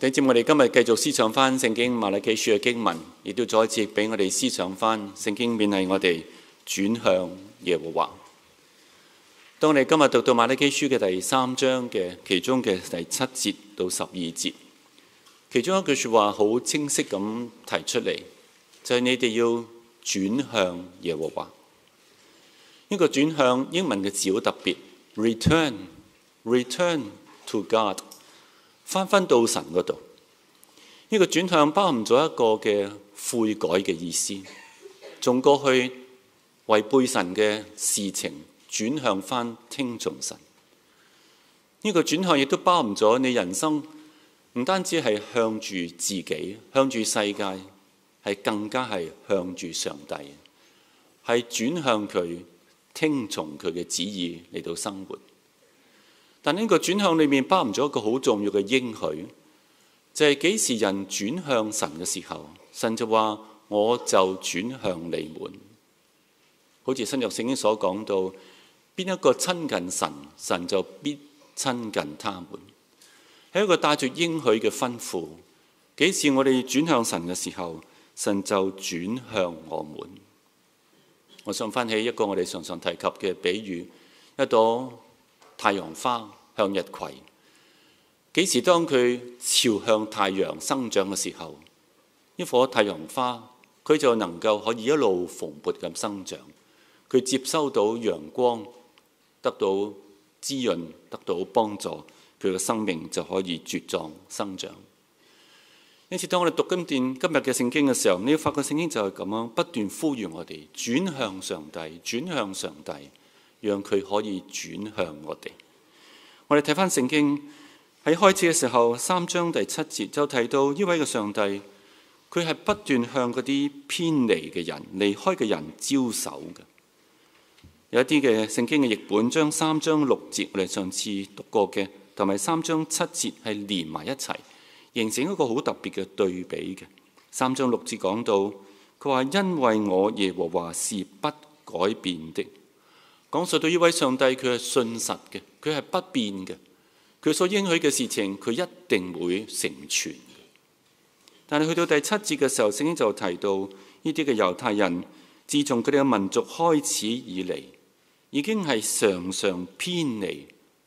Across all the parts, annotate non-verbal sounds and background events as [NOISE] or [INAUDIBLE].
緊接我哋今日繼續思想返聖經瑪拉基書嘅經文，亦都再一次俾我哋思想返聖經勉勵我哋轉向耶和華。當我哋今日讀到瑪拉基書嘅第三章嘅其中嘅第七節到十二節，其中一句説話好清晰咁提出嚟，就係：你哋要轉向耶和華。呢個轉向英文嘅字好特別，Return，Return to God。翻翻到神嗰度，呢、這個轉向包含咗一個嘅悔改嘅意思，從過去違背神嘅事情，轉向翻聽從神。呢、這個轉向亦都包含咗你人生唔單止係向住自己，向住世界，係更加係向住上帝，係轉向佢，聽從佢嘅旨意嚟到生活。但呢個轉向裏面包含咗一個好重要嘅應許，就係幾時人轉向神嘅時候，神就話我就轉向你們。好似新約聖經所講到，邊一個親近神，神就必親近他們。喺一個帶住應許嘅吩咐，幾時我哋轉向神嘅時候，神就轉向我們。我想翻起一個我哋常常提及嘅比喻，一朵，太陽花向日葵，幾時當佢朝向太陽生長嘅時候，一棵太陽花佢就能夠可以一路蓬勃咁生長，佢接收到陽光，得到滋潤，得到幫助，佢嘅生命就可以茁壯生長。因此，當我哋讀今段今日嘅聖經嘅時候，你要發覺聖經就係咁樣，不斷呼籲我哋轉向上帝，轉向上帝。讓佢可以轉向我哋。我哋睇翻聖經喺開始嘅時候，三章第七節就提到呢位嘅上帝，佢係不斷向嗰啲偏離嘅人、離開嘅人招手嘅。有一啲嘅聖經嘅譯本將三章六節我哋上次讀過嘅同埋三章七節係連埋一齊，形成一個好特別嘅對比嘅。三章六節講到，佢話因為我耶和華是不改變的。講述到呢位上帝，佢係信實嘅，佢係不變嘅，佢所應許嘅事情，佢一定會成全。但係去到第七節嘅時候，聖經就提到呢啲嘅猶太人，自從佢哋嘅民族開始以嚟，已經係常常偏離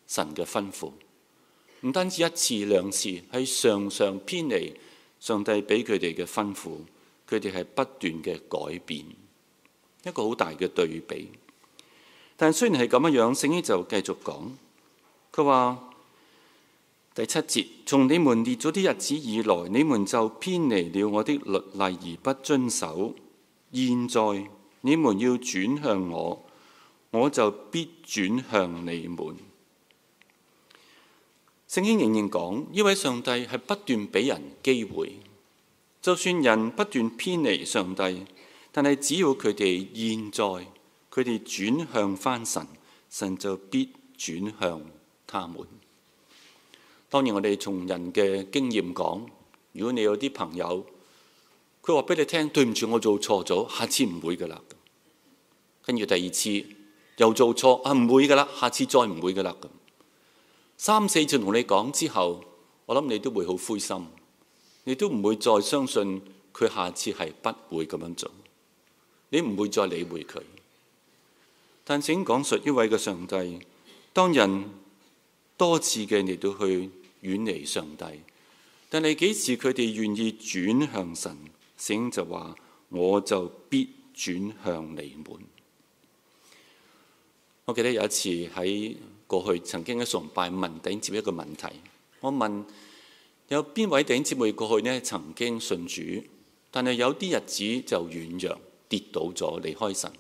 神嘅吩咐，唔單止一次兩次，係常常偏離上帝俾佢哋嘅吩咐，佢哋係不斷嘅改變，一個好大嘅對比。但雖然係咁樣樣，聖經就繼續講，佢話第七節，從你們列祖的日子以來，你們就偏離了我的律例而不遵守。現在你們要轉向我，我就必轉向你們。聖經仍然講呢位上帝係不斷俾人機會，就算人不斷偏離上帝，但係只要佢哋現在。佢哋轉向返神，神就必轉向他們。當然，我哋從人嘅經驗講，如果你有啲朋友，佢話俾你聽：對唔住，我做錯咗，下次唔會㗎喇。跟住第二次又做錯啊，唔會㗎喇，下次再唔會㗎喇。咁三四次同你講之後，我諗你都會好灰心，你都唔會再相信佢下次係不會咁樣做，你唔會再理會佢。但請講述一位嘅上帝，當人多次嘅嚟到去遠離上帝，但係幾時佢哋願意轉向神，神就話我就必轉向你們。我記得有一次喺過去曾經喺崇拜問頂接一個問題，我問有邊位頂姊妹過去呢？曾經信主，但係有啲日子就軟弱跌倒咗，離開神。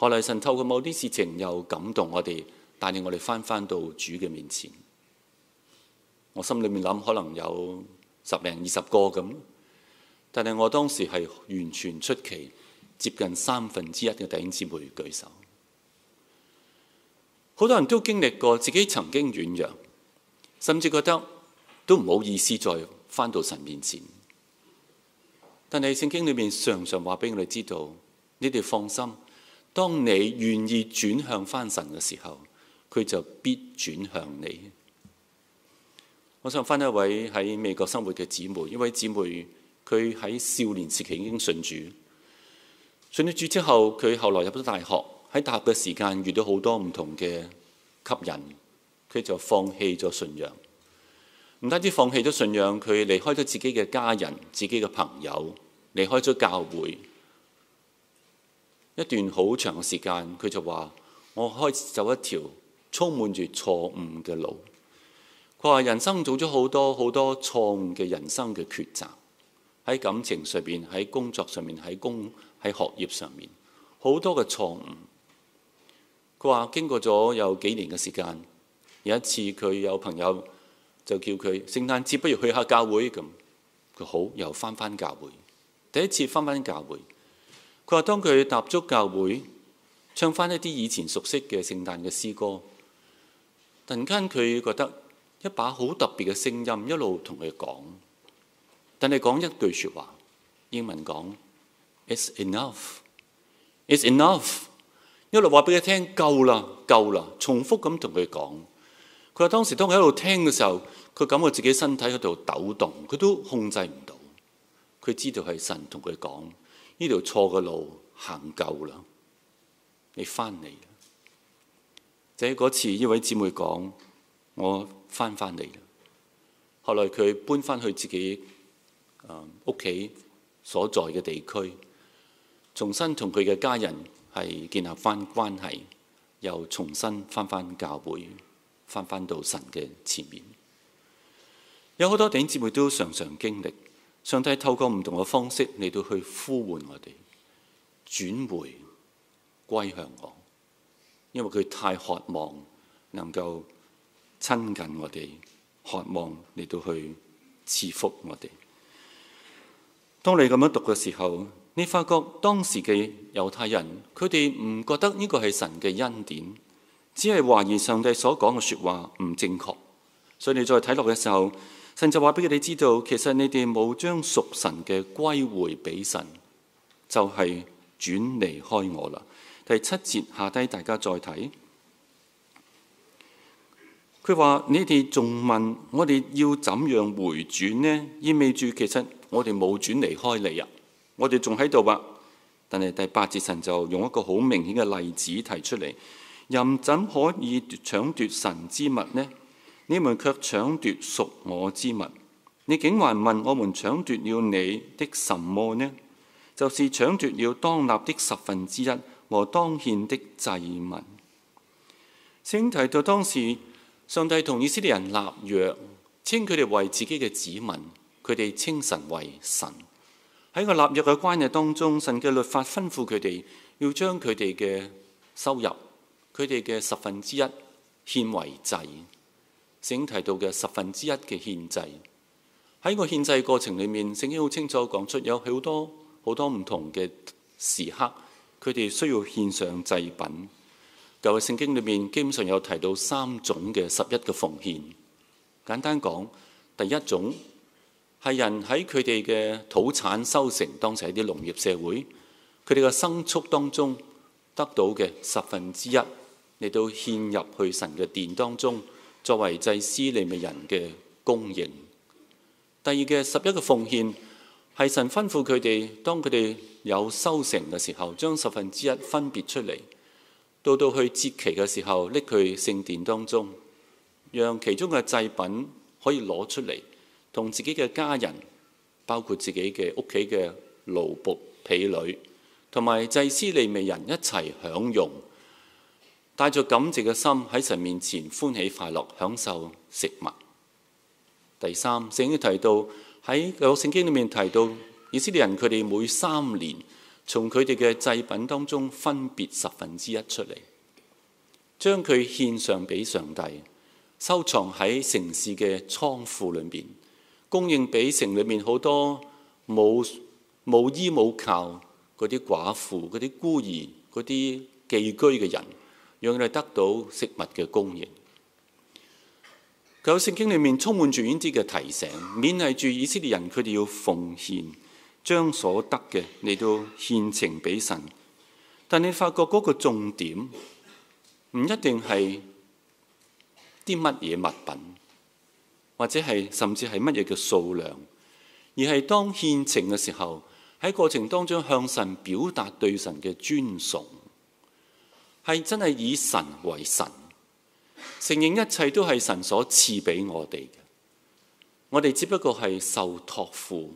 後來神透過某啲事情又感動我哋，帶領我哋返返到主嘅面前。我心裏面諗，可能有十零二十個咁，但係我當時係完全出奇，接近三分之一嘅弟兄姊妹舉手。好多人都經歷過自己曾經軟弱，甚至覺得都唔好意思再返到神面前。但係聖經裏面常常話俾我哋知道，你哋放心。當你願意轉向返神嘅時候，佢就必轉向你。我想返一位喺美國生活嘅姊妹，一位姊妹，佢喺少年時期已經信主，信咗主之後，佢後來入咗大學，喺大學嘅時間遇到好多唔同嘅吸引，佢就放棄咗信仰。唔單止放棄咗信仰，佢離開咗自己嘅家人、自己嘅朋友，離開咗教會。一段好長嘅時間，佢就話：我開始走一條充滿住錯誤嘅路。佢話人生做咗好多好多錯誤嘅人生嘅抉擇，喺感情上面，喺工作上面、喺工喺學業上面，好多嘅錯誤。佢話經過咗有幾年嘅時間，有一次佢有朋友就叫佢聖誕節不如去下教會咁，佢好又翻返教會，第一次翻返教會。佢話：當佢踏足教會，唱翻一啲以前熟悉嘅聖誕嘅詩歌，突然間佢覺得一把好特別嘅聲音一路同佢講，但係講一句説話，英文講：It's enough，It's enough，一路話俾佢聽夠啦，夠啦，重複咁同佢講。佢話當時當佢喺度聽嘅時候，佢感覺自己身體喺度抖動，佢都控制唔到。佢知道係神同佢講。呢條錯嘅路行夠啦，你翻嚟啦！即係嗰次一位姊妹講：我翻翻嚟啦。後來佢搬翻去自己誒屋企所在嘅地區，重新同佢嘅家人係建立翻關係，又重新翻翻教會，翻翻到神嘅前面。有好多弟兄姊妹都常常經歷。上帝透過唔同嘅方式嚟到去呼喚我哋，轉回歸向我，因為佢太渴望能夠親近我哋，渴望嚟到去賜福我哋。當你咁樣讀嘅時候，你發覺當時嘅猶太人，佢哋唔覺得呢個係神嘅恩典，只係懷疑上帝所講嘅說話唔正確。所以你再睇落嘅時候，神就話俾佢哋知道，其實你哋冇將屬神嘅歸回俾神，就係、是、轉離開我啦。第七節下低大家再睇，佢話你哋仲問我哋要怎樣回轉呢？意味住其實我哋冇轉離開你啊，我哋仲喺度啊。但係第八節神就用一個好明顯嘅例子提出嚟，人怎可以搶奪神之物呢？你們卻搶奪屬我之物，你竟還問我們搶奪了你的什麼呢？就是搶奪了當納的十分之一和當獻的祭物。先提到當時上帝同以色列人立約，稱佢哋為自己嘅子民，佢哋稱神為神。喺個立約嘅關係當中，神嘅律法吩咐佢哋要將佢哋嘅收入，佢哋嘅十分之一獻為祭。聖經提到嘅十分之一嘅獻祭，喺個獻祭過程裏面，聖經好清楚講出有好多好多唔同嘅時刻，佢哋需要獻上祭品。舊嘅聖經裏面基本上有提到三種嘅十一嘅奉獻。簡單講，第一種係人喺佢哋嘅土產收成，當時喺啲農業社會，佢哋嘅牲畜當中得到嘅十分之一嚟到獻入去神嘅殿當中，作為祭司利未人嘅供應，第二嘅十一個奉獻係神吩咐佢哋，當佢哋有收成嘅時候，將十分之一分別出嚟，到到去節期嘅時候，拎去聖殿當中，讓其中嘅祭品可以攞出嚟，同自己嘅家人，包括自己嘅屋企嘅奴僕、婢女，同埋祭司利未人一齊享用。帶着感激嘅心喺神面前，歡喜快樂，享受食物。第三，聖經提到喺《舊聖經》裏面提到，以色列人佢哋每三年從佢哋嘅祭品當中分別十分之一出嚟，將佢獻上俾上帝，收藏喺城市嘅倉庫裏面，供應俾城裏面好多冇冇依冇靠嗰啲寡婦、嗰啲孤兒、嗰啲寄居嘅人。讓佢哋得到食物嘅供應。舊聖經裏面充滿住呢啲嘅提醒，勉勵住以色列人，佢哋要奉獻，將所得嘅嚟到獻呈俾神。但你發覺嗰個重點唔一定係啲乜嘢物品，或者係甚至係乜嘢嘅數量，而係當獻呈嘅時候，喺過程當中向神表達對神嘅尊崇。係真係以神為神，承認一切都係神所賜俾我哋嘅，我哋只不過係受託付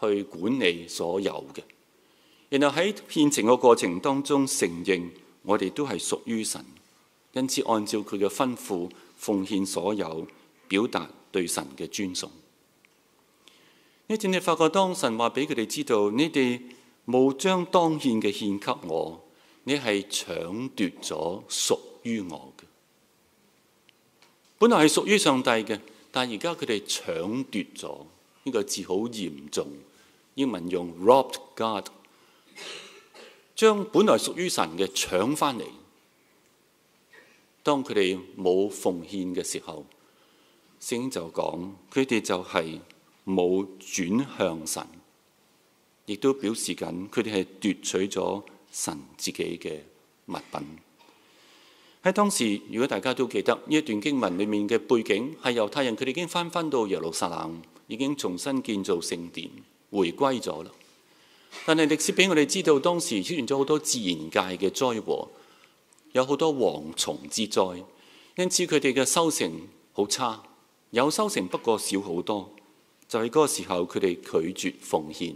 去管理所有嘅，然後喺獻呈嘅過程當中承認我哋都係屬於神，因此按照佢嘅吩咐奉獻所有，表達對神嘅尊崇。呢陣你發覺當神話俾佢哋知道，你哋冇將當獻嘅獻給我。你係搶奪咗屬於我嘅，本來係屬於上帝嘅，但係而家佢哋搶奪咗，呢個字好嚴重，英文用 robbed God，將本來屬於神嘅搶返嚟。當佢哋冇奉獻嘅時候，聖經就講佢哋就係冇轉向神，亦都表示緊佢哋係奪取咗。神自己嘅物品喺當時，如果大家都記得呢一段經文裏面嘅背景，係猶太人佢哋已經翻翻到耶路撒冷，已經重新建造聖殿，回歸咗啦。但係歷史俾我哋知道，當時出現咗好多自然界嘅災禍，有好多蝗蟲之災，因此佢哋嘅收成好差，有收成不過少好多。就係嗰個時候，佢哋拒絕奉獻，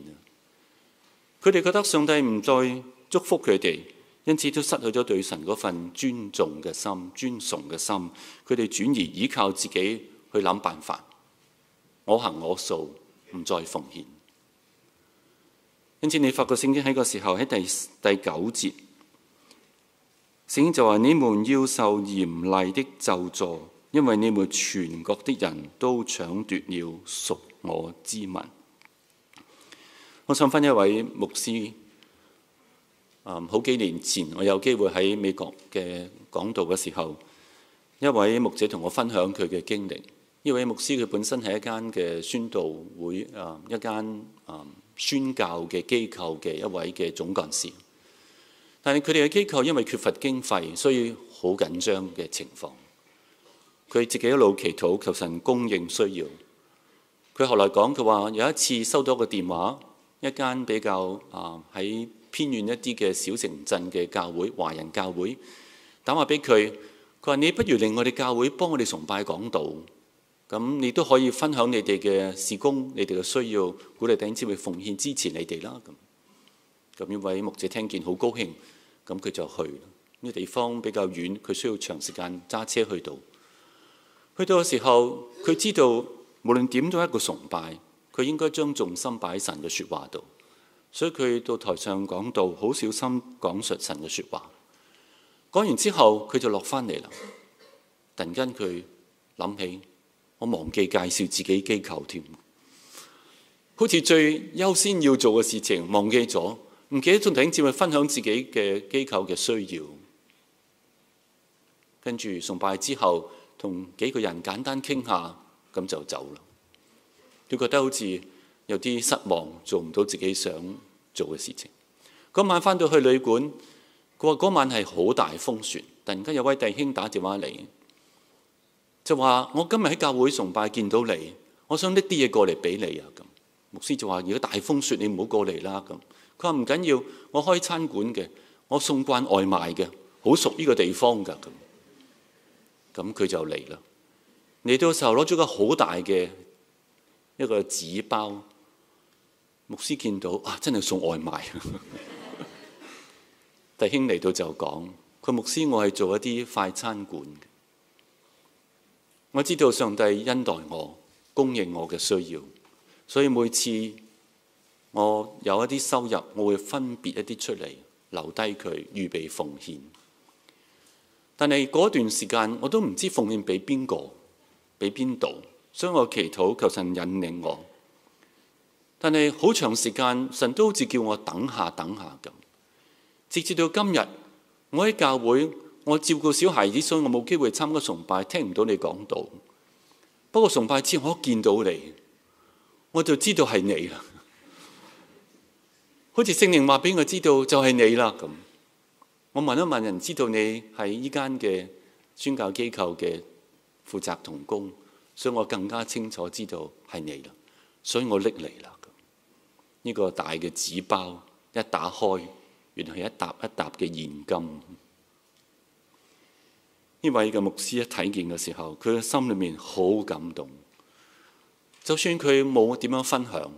佢哋覺得上帝唔在。祝福佢哋，因此都失去咗對神嗰份尊重嘅心、尊崇嘅心。佢哋轉而依靠自己去諗辦法，我行我素，唔再奉獻。因此你發覺聖經喺個時候喺第第九節，聖經就話：你們要受嚴厲的咒詛，因為你們全國的人都搶奪了屬我之物。我想翻一位牧師。嗯、好幾年前我有機會喺美國嘅講道嘅時候，一位牧者同我分享佢嘅經歷。呢位牧師佢本身係一間嘅宣道會啊、嗯，一間啊、嗯、宣教嘅機構嘅一位嘅總幹事。但係佢哋嘅機構因為缺乏經費，所以好緊張嘅情況。佢自己一路祈禱求，求神供應需要。佢後來講，佢話有一次收到個電話，一間比較啊喺，嗯偏遠一啲嘅小城鎮嘅教會，華人教會打話俾佢，佢話：你不如令我哋教會幫我哋崇拜講道，咁你都可以分享你哋嘅事工，你哋嘅需要，鼓勵弟兄姊妹奉獻支持你哋啦。咁咁，呢位牧者聽見好高興，咁佢就去。呢個地方比較遠，佢需要長時間揸車去到。去到嘅時候，佢知道無論點都一個崇拜，佢應該將重心擺喺神嘅説話度。所以佢到台上講道，好小心講述神嘅説話。講完之後，佢就落翻嚟啦。突然間佢諗起，我忘記介紹自己機構添。好似最優先要做嘅事情忘記咗，唔記得仲停接去分享自己嘅機構嘅需要。跟住崇拜之後，同幾個人簡單傾下，咁就走啦。佢覺得好似～有啲失望，做唔到自己想做嘅事情。嗰晚翻到去旅館，佢話，嗰晚係好大風雪，突然間有位弟兄打電話嚟，就話，我今日喺教會崇拜見到你，我想拎啲嘢過嚟俾你啊咁。牧師就話，如果大風雪，你唔好過嚟啦咁。佢話，唔緊要，我開餐館嘅，我送慣外賣嘅，好熟呢個地方㗎咁。咁佢就嚟啦，嚟到時候攞咗個好大嘅一個紙包。牧師見到啊，真係送外賣。 [LAUGHS] 弟兄嚟到就講，佢牧師我係做一啲快餐館。我知道上帝恩待我，供應我嘅需要，所以每次我有一啲收入，我會分別一啲出嚟，留低佢預備奉獻。但係嗰段時間我都唔知奉獻俾邊個，俾邊度，所以我祈禱求,求神引領我。但係好長時間，神都好似叫我等下等下咁，直至到今日，我喺教會，我照顧小孩子，所以我冇機會參加崇拜，聽唔到你講道。不過崇拜之後，我一見到你，我就知道係你啦。 [LAUGHS] 好似聖靈話俾我知道，就係你啦咁。我問一問人，知道你係依間嘅宣教機構嘅負責同工，所以我更加清楚知道係你啦。所以我拎嚟啦。呢個大嘅紙包一打開，原來係一沓一沓嘅現金。呢位嘅牧師一睇見嘅時候，佢嘅心裏面好感動。就算佢冇點樣分享，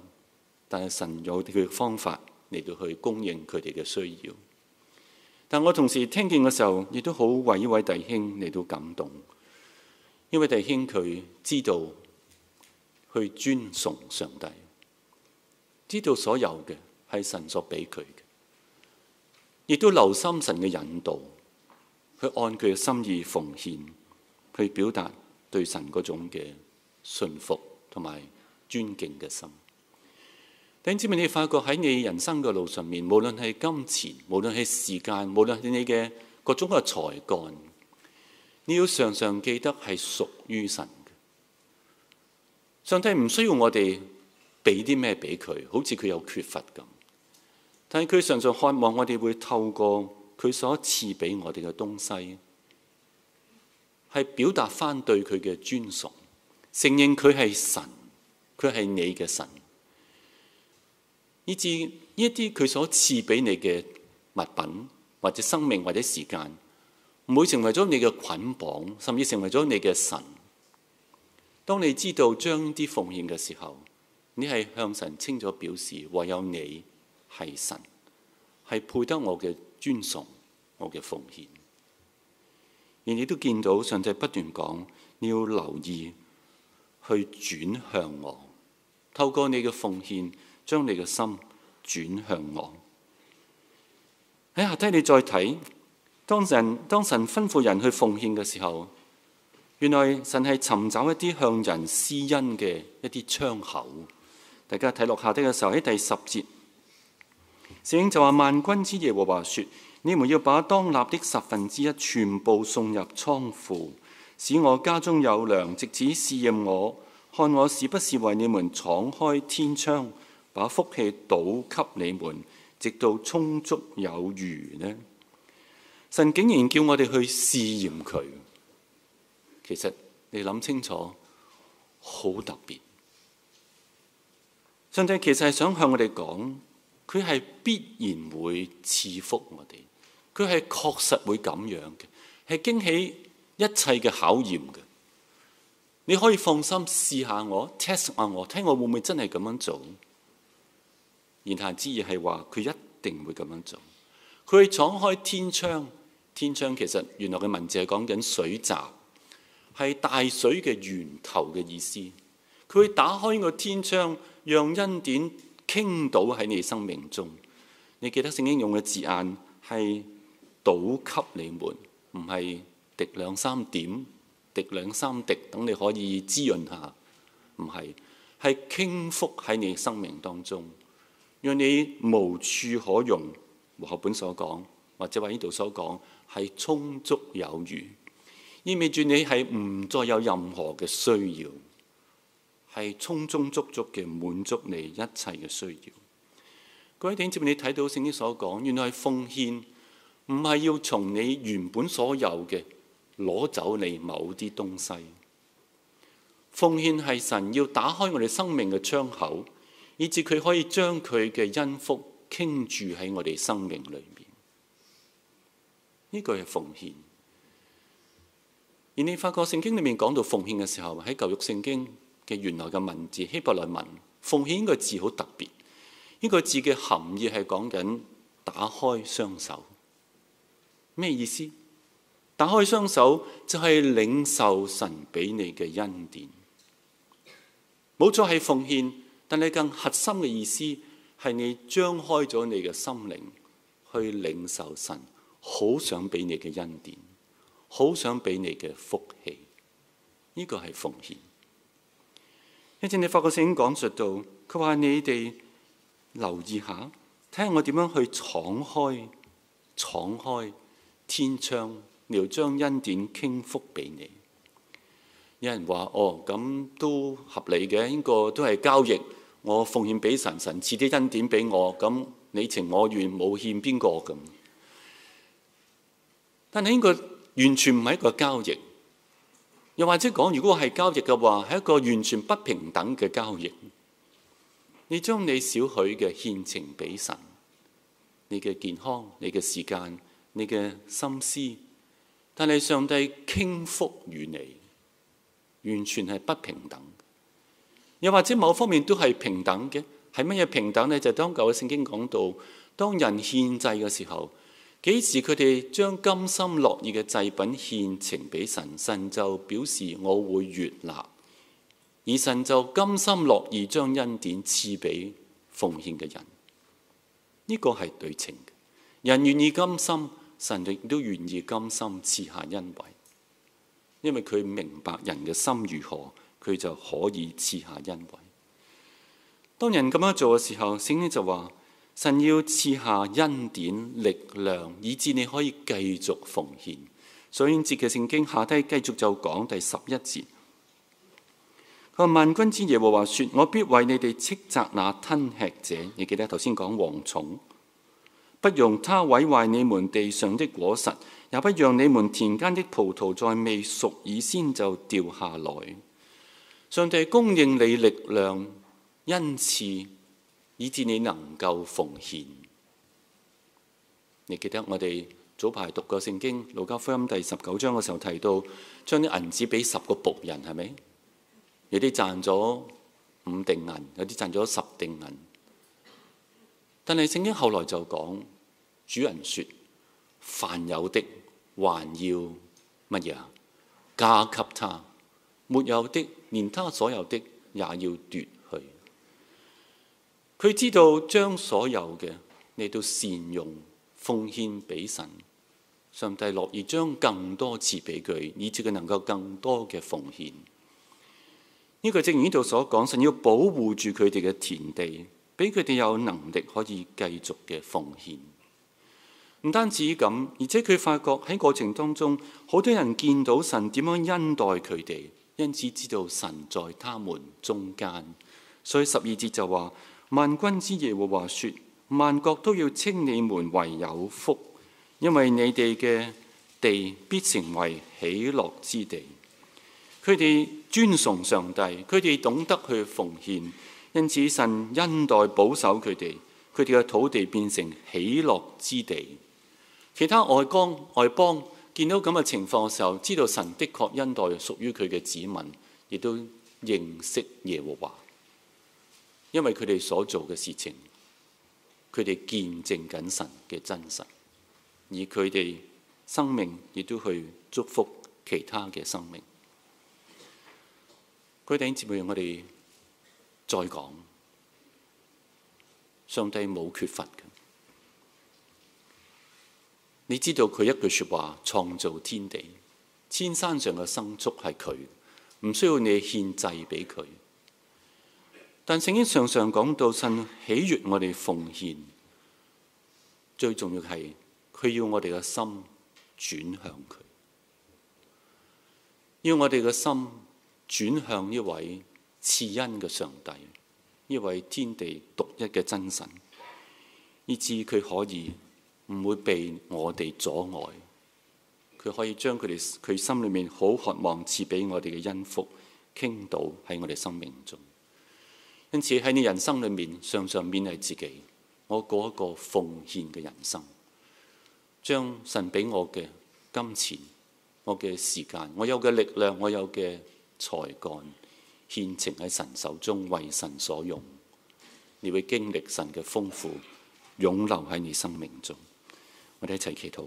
但係神有佢嘅方法嚟到去供應佢哋嘅需要。但我同時聽見嘅時候，亦都好為呢位弟兄嚟到感動。呢位弟兄佢知道去尊崇上帝。知道所有嘅係神所俾佢嘅，亦都留心神嘅引導，去按佢嘅心意奉獻，去表達對神嗰種嘅信服同埋尊敬嘅心。弟兄姊妹，你發覺喺你人生嘅路上面，無論係金錢，無論係時間，無論係你嘅各種嘅才幹，你要常常記得係屬於神。上帝唔需要我哋。俾啲咩俾佢，好似佢有缺乏咁。但係佢常常渴望我哋會透過佢所賜俾我哋嘅東西，係表達翻對佢嘅尊崇，承認佢係神，佢係你嘅神。以至呢一啲佢所賜俾你嘅物品，或者生命，或者時間，唔會成為咗你嘅捆綁，甚至成為咗你嘅神。當你知道將啲奉獻嘅時候，你係向神清楚表示，唯有你係神，係配得我嘅尊崇，我嘅奉獻。而你都見到上帝不斷講，你要留意去轉向我，透過你嘅奉獻，將你嘅心轉向我。喺下低你再睇，當神當神吩咐人去奉獻嘅時候，原來神係尋找一啲向人施恩嘅一啲窗口。大家睇落下跌嘅時候，喺第十節，聖經就話：萬軍之耶和華說，你們要把當納的十分之一全部送入倉庫，使我家中有糧，直此試驗我，看我是不是為你們敞開天窗，把福氣倒給你們，直到充足有餘呢？神竟然叫我哋去試驗佢，其實你諗清楚，好特別。上帝其實係想向我哋講，佢係必然會賜福我哋，佢係確實會咁樣嘅，係經起一切嘅考驗嘅。你可以放心試下我，test 下我，睇我，我，我會唔會真係咁樣做。言下之意係話，佢一定會咁樣做。佢去敞開天窗，天窗其實原來嘅文字係講緊水閘，係大水嘅源頭嘅意思。佢會打開呢個天窗，讓恩典傾倒喺你生命中。你記得聖經用嘅字眼係倒給你們，唔係滴兩三點、滴兩三滴，等你可以滋潤下，唔係，係傾覆喺你生命當中，讓你無處可容。和合本所講，或者話呢度所講係充足有餘，意味住你係唔再有任何嘅需要。係充充足足嘅滿足你一切嘅需要。各位點接住你睇到聖經所講，原來奉獻唔係要從你原本所有嘅攞走，你某啲東西。奉獻係神要打開我哋生命嘅窗口，以至佢可以將佢嘅恩福傾注喺我哋生命裏面。呢、這個係奉獻。而你發覺聖經裏面講到奉獻嘅時候，喺舊約聖經。嘅原來嘅文字，希伯來文，奉獻呢個字好特別，呢個字嘅含義係講緊打開雙手，咩意思？打開雙手就係領受神俾你嘅恩典，冇錯係奉獻，但係更核心嘅意思係你張開咗你嘅心靈去領受神好想俾你嘅恩典，好想俾你嘅福氣。呢個係奉獻。以前你發個聲音講述到，佢話你哋留意下，睇下我點樣去敞開敞開天窗，要將恩典傾覆俾你。有人話：哦，咁都合理嘅，呢個都係交易。我奉獻俾神，神，神賜啲恩典俾我，咁你情我願，冇欠邊個咁。但係呢個完全唔係一個交易。又或者講，如果係交易嘅話，係一個完全不平等嘅交易。你將你少許嘅獻呈俾神，你嘅健康、你嘅時間、你嘅心思，但係上帝傾福與你，完全係不平等。又或者某方面都係平等嘅，係乜嘢平等呢？就是、當舊嘅聖經講到，當人獻祭嘅時候。幾時佢哋將甘心樂意嘅祭品獻呈俾神，神就表示我會悅納」。而神就甘心樂意將恩典賜俾奉獻嘅人。呢個係對稱嘅，人願意甘心，神亦都願意甘心賜下恩惠，因為佢明白人嘅心如何，佢就可以賜下恩惠。當人咁樣做嘅時候，聖經就話。神要賜下恩典、力量，以致你可以繼續奉獻。所以，接嘅聖經下低繼續就講第十一節。佢話萬軍之耶和華說：我必為你哋斥責那吞吃者。你記得頭先講蝗蟲，不容他毀壞你們地上的果實，也不讓你們田間的葡萄在未熟以先就掉下來。上帝供應你力量，因此。以致你能夠奉獻，你記得我哋早排讀過聖經《路加福音》第十九章嘅時候提到，將啲銀子俾十個僕人，係咪？有啲賺咗五錠銀，有啲賺咗十錠銀。但係聖經後來就講，主人説：凡有的還要乜嘢啊？加給他；沒有的，連他所有的也要奪。佢知道將所有嘅，你都善用奉獻俾神，上帝樂意將更多次俾佢，以至佢能夠更多嘅奉獻。呢個正如呢度所講，神要保護住佢哋嘅田地，俾佢哋有能力可以繼續嘅奉獻。唔單止咁，而且佢發覺喺過程當中，好多人見到神點樣恩待佢哋，因此知道神在他們中間。所以十二節就話。萬軍之耶和華說：萬國都要稱你們為有福，因為你哋嘅地必成為喜樂之地。佢哋尊崇上帝，佢哋懂得去奉獻，因此神恩待保守佢哋，佢哋嘅土地變成喜樂之地。其他外邦外邦見到咁嘅情況嘅時候，知道神的確恩待屬於佢嘅子民，亦都認識耶和華。因為佢哋所做嘅事情，佢哋見證緊神嘅真實，而佢哋生命亦都去祝福其他嘅生命。佢哋接住我哋再講，上帝冇缺乏嘅。你知道佢一句說話創造天地，千山上嘅牲畜係佢，唔需要你獻祭俾佢。但聖經常常講到，神喜悅，我哋奉獻最重要係佢要我哋嘅心轉向佢，要我哋嘅心轉向一位賜恩嘅上帝，一位天地獨一嘅真神，以至佢可以唔會被我哋阻礙，佢可以將佢哋佢心裏面好渴望賜俾我哋嘅恩福傾倒喺我哋生命中。因此喺你人生裏面，常常勉勵自己，我過一個奉獻嘅人生，將神俾我嘅金錢、我嘅時間、我有嘅力量、我有嘅才幹，獻呈喺神手中，為神所用。你會經歷神嘅豐富，湧流喺你生命中。我哋一齊祈禱。